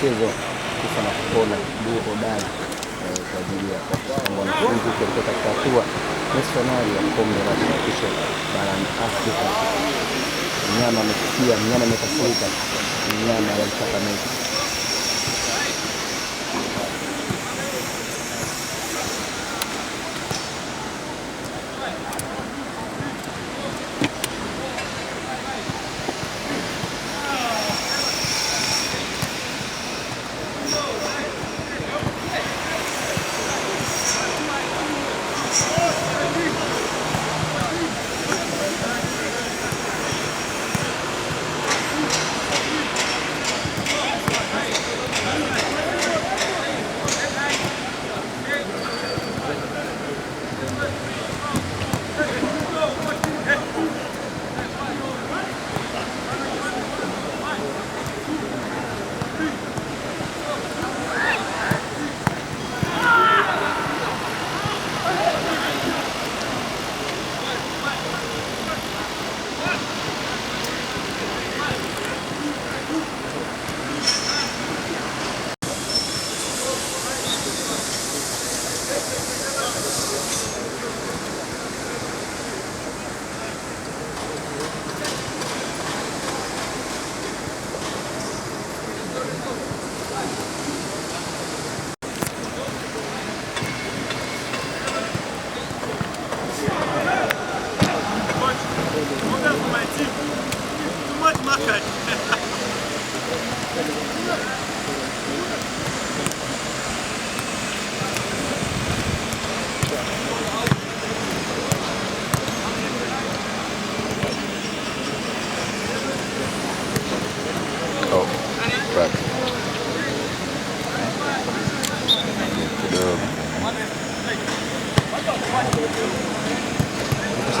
mchezo kufa na kupona, duo hodari eh, kwa ajili ya wanafunzi kuelekea katika hatua nusu fainali ya kombe la shirikisho barani Afrika. Mnyama amefikia, mnyama amekasirika, mnyama alitaka mechi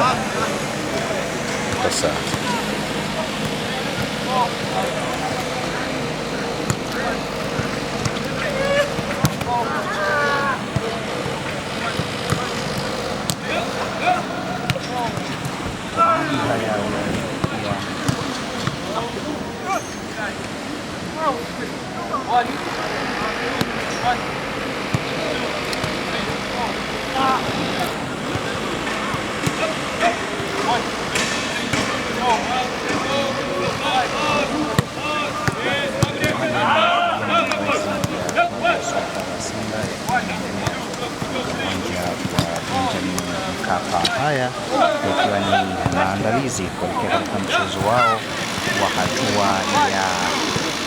passar. Vou passar. Olha, olha, Ulaya yakiwa ni maandalizi kuelekea katika mchezo wao wa hatua ya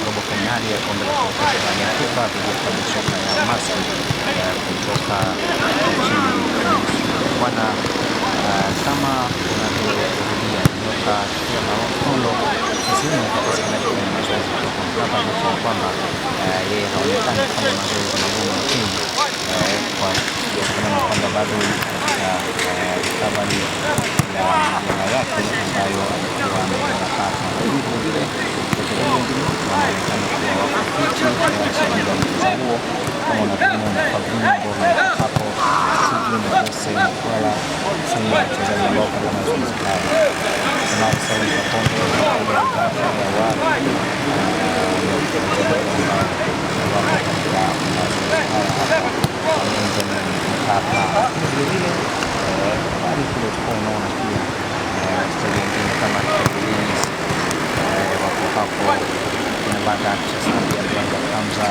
robo fainali ya kombe la shirikisho ya Afrika dhidi ya klabu soka ya Al eh, kutoka nchini Bwana, eh, kama unavyoshuhudia nyota ya Malolo msimu katika mazoezi hapa anasema kwamba eh, yeye haonekani kufanya mazoezi magumu, lakini kwa sababu kwamba bado kabali ya eh, jana yake ambayo alikuwa amekarabati, lakini vilevile wachezaji wengine wanaonekana kuwa wakofichi washabila mchezo huo kama unavyoona Fabinho Ngoma hapo Sijui na Jose Mkwala ni wachezaji ambao katika mazoezi hayo Samari Salim Kaponde kule katika awali ambao wako katika mazoezi haya hapa unaona pia wachezaji wengine kama wako hapo Hamza,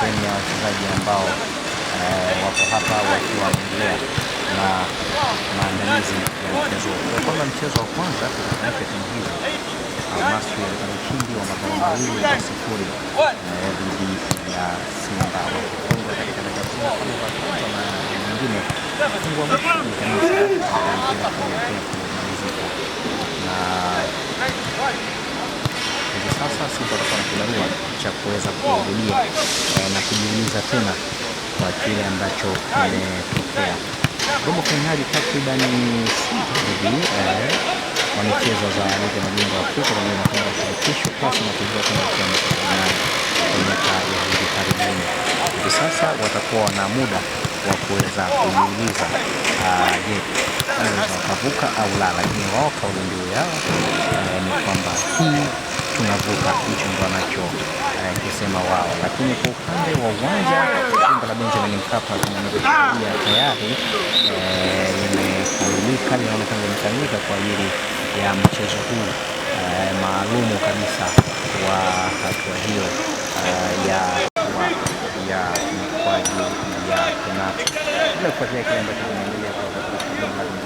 sehemu ya wachezaji ambao wako hapa wakiwaendelea na maandalizi ya mchezo kwa kwamba mchezo wa kwanza katika timu hizi Almasry alipata ushindi wa mabao mawili kwa sifuri dhidi ya Simba hivi sasa Simba watakuwa na kibarua cha kuweza kurudia na kujiuliza tena kwa kile ambacho kimetokea. Robo fainali takriban hivi wa michezo za ligi ya mabingwa Afrika pamoja na kombe la shirikisho pasi na kujua tena kwa ya hivi karibuni sasa watakuwa wana muda wa kuweza kujiuliza, ah, je, wanaweza wakavuka au la. Lakini wao kauli mbiu yao eh, ni kwamba hii tunavuka, hicho ndo eh, kisema wao. Lakini kwa upande wa uwanja jumba la Benjamin Mkapa tunamekusudia tayari eh, limekamilika, linaonekana limekamilika kwa ajili ya mchezo huu maalumu kabisa wa hatua hiyo ya ยาควายยาชนะเลิกประเทศเกมประเาศนม่เลี้ยกว่าประเทศลงมา